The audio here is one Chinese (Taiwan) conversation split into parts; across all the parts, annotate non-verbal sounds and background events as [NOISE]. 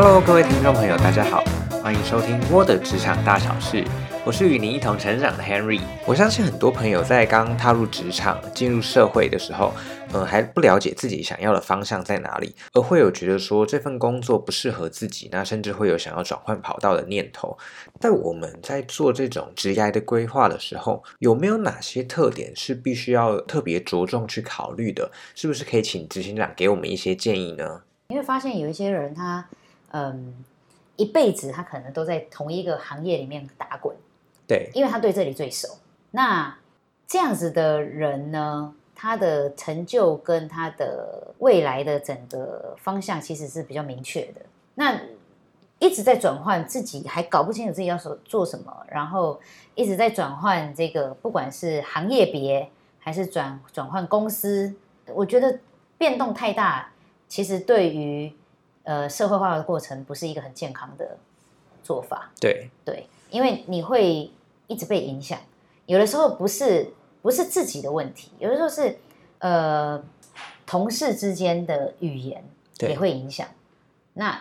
Hello，各位聽眾朋友，大家好，歡迎收聽我的職場大小事。我是與您一同成長的 Henry。我相信很多朋友在剛踏入職場、進入社會的時候，嗯，還不了解自己想要的方向在哪裡，而會有覺得說這份工作不適合自己，那甚至會有想要轉換跑道的念頭。在我們在做這種職業的規劃的時候，有沒有哪些特點是必須要特別着重去考慮的？是不是可以請執行長給我們一些建議呢？你會發現有一些人他。嗯，一輩子他可能都在同一個行業裡面打滾，對，因為他對這裡最熟。那這樣子的人呢，他的成就跟他的未來的整個方向其實是比較明確的。那一直在轉換自己，還搞不清楚自己要做什麼，然後一直在轉換這個，不管是行業別還是轉轉換公司，我覺得變動太大，其實對於。呃，社會化的過程不是一個很健康的做法。對對，因為你會一直被影響。有的時候不是不是自己的問題，有的時候是呃同事之間的語言也會影響。那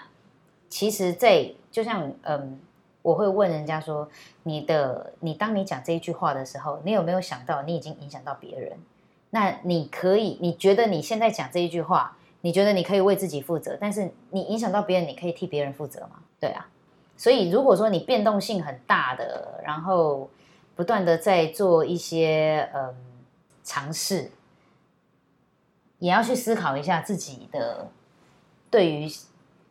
其實在就像嗯，我會問人家說，你的你當你講這一句話的時候，你有沒有想到你已經影響到別人？那你可以你覺得你現在講這一句話，你覺得你可以為自己負責，但是你影響到別人，你可以替別人負責嗎？對啊，所以如果說你變動性很大的，然後不斷的在做一些嗯嘗試，也要去思考一下自己的對於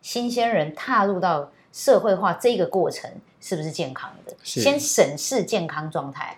新鮮人踏入到社會化這個過程是不是健康的，先審視健康狀態。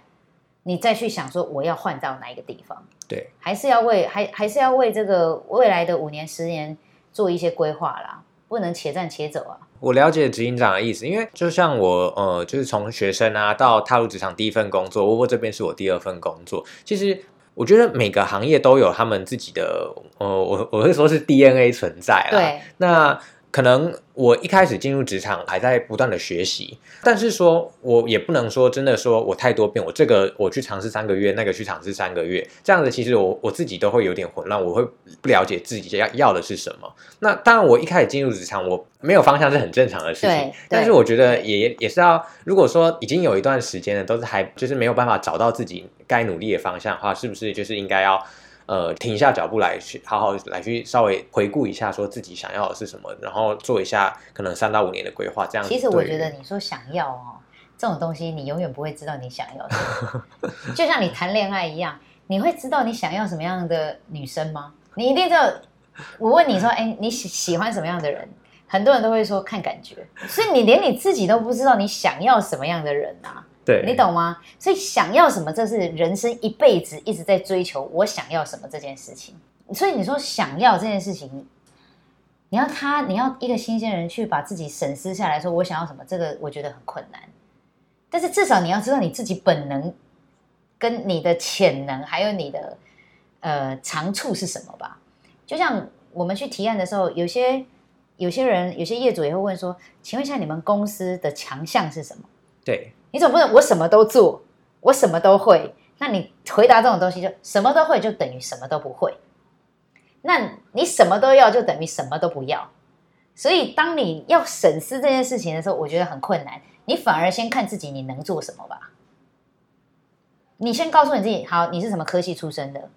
你再去想說，我要換到哪一個地方？對，還是要為還還是要為這個未來的五年十年做一些規劃啦，不能且戰且走啊。我了解執行長的意思，因為就像我呃，就是從學生啊到踏入職場第一份工作，我這邊是我第二份工作。其實我覺得每個行業都有他們自己的呃，我我會說是 DNA 存在啦。對，那可能我一開始進入職場還在不斷的學習，但是說我也不能說真的說我太多變，我這個我去嘗試三個月，那個去嘗試三個月，這樣子其實我我自己都會有點混亂，我會不了解自己要要的是什麼。那當然，我一開始進入職場，我沒有方向是很正常的事情。對，但是我覺得也也是要，如果說已經有一段時間了，都是還就是沒有辦法找到自己該努力的方向的話，是不是就是應該要？呃，停下腳步來去，好好來去，稍微回顧一下，說自己想要的是什麼，然後做一下可能三到五年的規劃。這樣子其實我覺得你說想要哦，這種東西你永遠不會知道你想要什麼， [LAUGHS] 就像你談戀愛一樣，你會知道你想要什麼樣的女生嗎？你一定知道。我問你說，哎，你喜喜歡什麼樣的人？很多人都會說看感覺，所以你連你自己都不知道你想要什麼樣的人啊。你懂嗎？所以想要什麼，這是人生一輩子一直在追求。我想要什麼這件事情，所以你說想要這件事情，你要他，你要一個新鮮人去把自己審視下來，說我想要什麼，這個我覺得很困難。但是至少你要知道你自己本能、跟你的潛能，還有你的呃長處是什麼吧？就像我們去提案的時候，有些有些人，有些業主也會問說：“請問一下，你們公司的強項是什麼？”對。你總不能我什麼都做，我什麼都會。那你回答這種東西就，就什麼都會，就等於什麼都不會。那你什麼都要，就等於什麼都不要。所以，當你要審視這件事情的時候，我覺得很困難。你反而先看自己，你能做什麼吧？你先告訴你自己，好，你是什麼科系出身的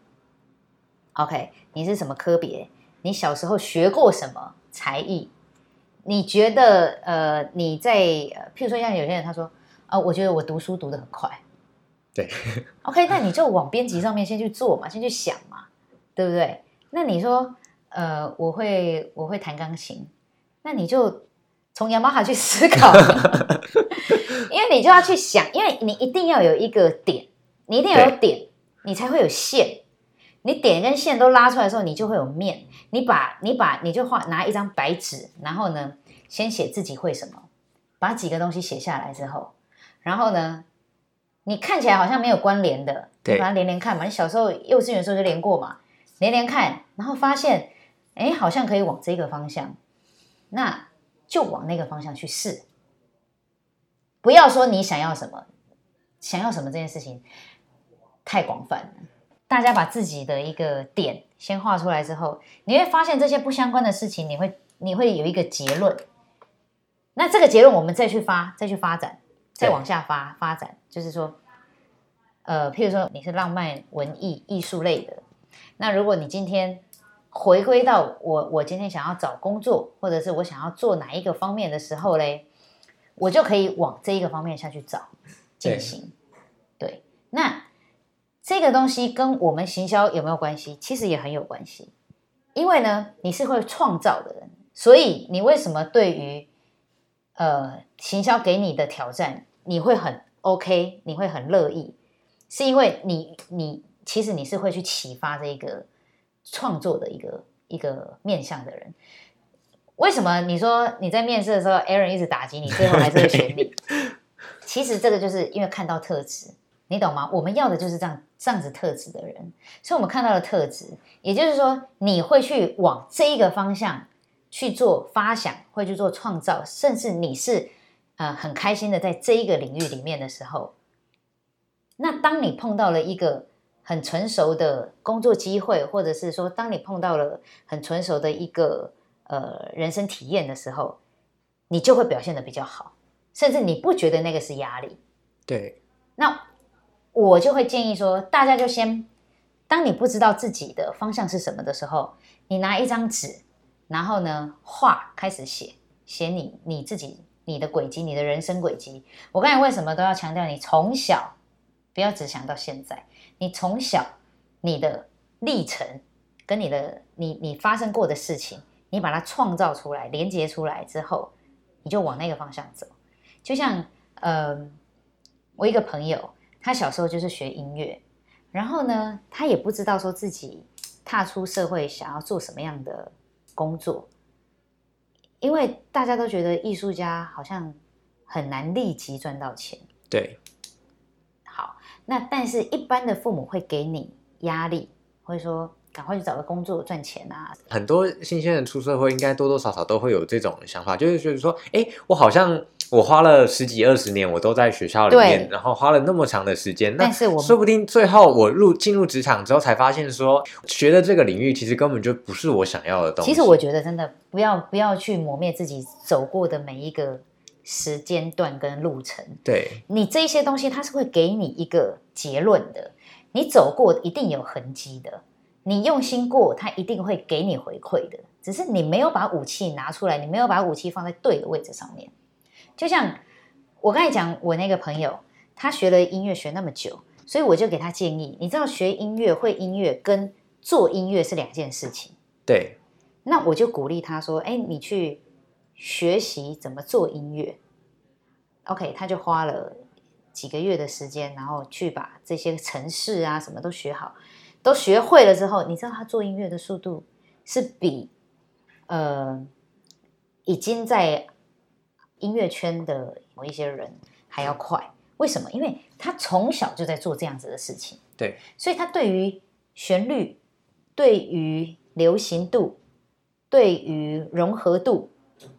？OK，你是什麼科別？你小時候學過什麼才藝？你覺得呃，你在，譬如說，像有些人他說，啊、哦，我覺得我讀書讀得很快，對。OK，那你就往編輯上面先去做嘛，先去想嘛，對不對？那你說，呃，我會，我會彈鋼琴，那你就從 Yamaha 去思考， [LAUGHS] 因為你就要去想，因為你一定要有一個點，你一定要有點，你才會有線。你點跟線都拉出來的時候，你就會有面。你把你把你就畫拿一張白紙，然後呢，先寫自己會什麼，把幾個東西寫下來之後。然後呢，你看起來好像沒有關聯的，對，你把它連連看嘛。你小時候幼稚園的時候就連過嘛，連連看。然後發現，哎，好像可以往這個方向，那就往那個方向去試。不要說你想要什麼，想要什麼這件事情太廣泛了。大家把自己的一個點先畫出來之後，你會發現這些不相關的事情，你會你會有一個結論。那這個結論，我們再去發再去發展。再往下發發展，就是說，呃，譬如說你是浪漫文藝藝術類的，那如果你今天回歸到我，我今天想要找工作，或者是我想要做哪一個方面的時候嘞，我就可以往這一個方面下去找進行。對，對，那這個東西跟我們行銷有沒有關係？其實也很有關係，因為呢，你是會創造的人，所以你為什麼對於呃行銷給你的挑戰？你會很 OK，你會很樂意，是因為你你其實你是會去啟發這一個創作的一個一個面向的人。為什麼你說你在面試的時候 Aaron 一直打擊你，最後還是會選你？ [LAUGHS] 其實這個就是因為看到特質，你懂嗎？我們要的就是這樣這樣子特質的人，所以我們看到的特質，也就是說你會去往這一個方向去做發想，會去做創造，甚至你是。呃，很開心的，在這一個領域裡面的時候，那當你碰到了一個很成熟的工作機會，或者是說，當你碰到了很成熟的一個呃人生體驗的時候，你就會表現得比較好，甚至你不覺得那個是壓力。對。那我就會建議說，大家就先，當你不知道自己的方向是什麼的時候，你拿一張紙，然後呢，畫開始寫，寫你你自己。你的軌跡，你的人生軌跡。我剛才為什麼都要強調你從小，不要只想到現在，你從小你的歷程跟你的你你發生過的事情，你把它創造出來、連接出來之後，你就往那個方向走。就像呃我一個朋友，他小時候就是學音樂，然後呢，他也不知道說自己踏出社會想要做什麼樣的工作。因為大家都覺得藝術家好像很難立即賺到錢。對。好，那但是一般的父母會給你壓力，會說，趕快去找個工作賺錢啊！很多新鮮人出社會，應該多多少少都會有這種想法，就是覺得說，哎，我好像我花了十幾二十年，我都在學校裡面，然後花了那麼長的時間，但是我那說不定最後我入進入職場之後，才發現說，學的這個領域其實根本就不是我想要的東西。其實我覺得真的不要不要去磨滅自己走過的每一個時間段跟路程。對，你這些東西，它是會給你一個結論的，你走過一定有痕跡的。你用心過，他一定會給你回饋的。只是你沒有把武器拿出來，你沒有把武器放在對的位置上面。就像我剛才講，我那個朋友，他學了音樂學那麼久，所以我就給他建議，你知道學音樂、會音樂跟做音樂是兩件事情。對。那我就鼓勵他說：“哎、欸，你去學習怎麼做音樂。” OK，他就花了幾個月的時間，然後去把這些程式啊什麼都學好。都學會了之後，你知道他做音樂的速度是比呃已經在音樂圈的某一些人還要快。為什麼？因為他從小就在做這樣子的事情。對，所以他對於旋律、對於流行度、對於融合度，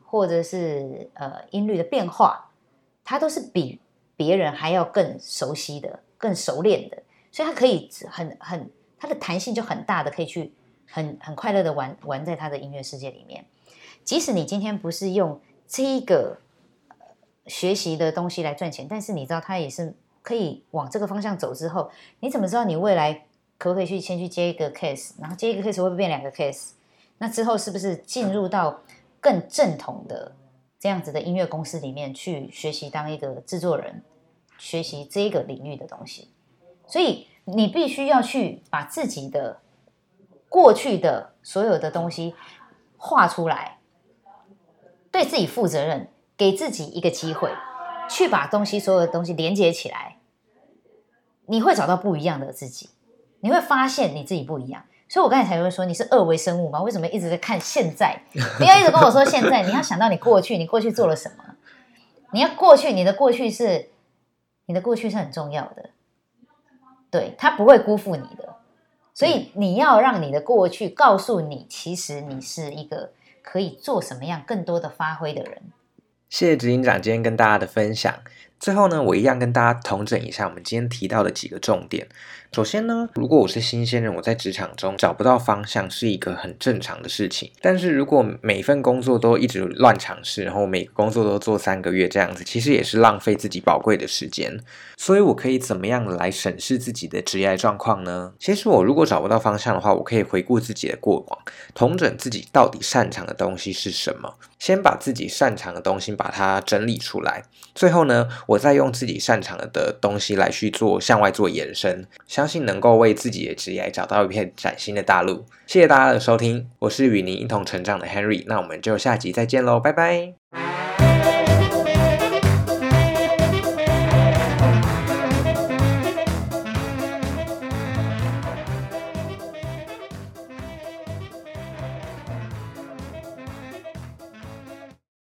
或者是呃音律的變化，他都是比別人還要更熟悉的、更熟練的，所以他可以很很。他的彈性就很大的，可以去很很快樂的玩玩在他的音樂世界裡面。即使你今天不是用這一個學習的東西來賺錢，但是你知道他也是可以往這個方向走之後，你怎麼知道你未來可不可以去先去接一個 case，然後接一個 case 會不會變兩個 case？那之後是不是進入到更正統的這樣子的音樂公司裡面去學習當一個制作人，學習這個領域的東西？所以你必須要去把自己的過去的所有的東西畫出來，對自己負責任，給自己一個機會，去把東西所有的東西連接起來，你會找到不一樣的自己，你會發現你自己不一樣。所以我剛才才會說，你是二維生物嗎？為什麼一直在看現在？不要一直跟我說現在，你要想到你過去，你過去做了什麼？你要過去，你的過去是你的過去是很重要的。對，他不會辜負你的，所以你要讓你的過去告訴你，其實你是一個可以做什麼樣更多的發揮的人。謝謝執行長，今天跟大家的分享。最後呢，我一樣跟大家統整一下我們今天提到的幾個重點。首先呢，如果我是新鮮人，我在職場中找不到方向是一個很正常的事情。但是如果每份工作都一直亂嘗試，然後每個工作都做三個月這樣子，其實也是浪費自己寶貴的時間。所以，我可以怎麼樣來審視自己的職涯狀況呢？其實，我如果找不到方向的話，我可以回顧自己的過往，統整自己到底擅長的東西是什麼，先把自己擅長的東西把它整理出來。最後呢，我。我在用自己擅長的東西來去做向外做延伸，相信能夠為自己的職業找到一片嶄新的大陸。謝謝大家的收聽，我是與您一同成長的 Henry，那我們就下集再見嘍，拜拜。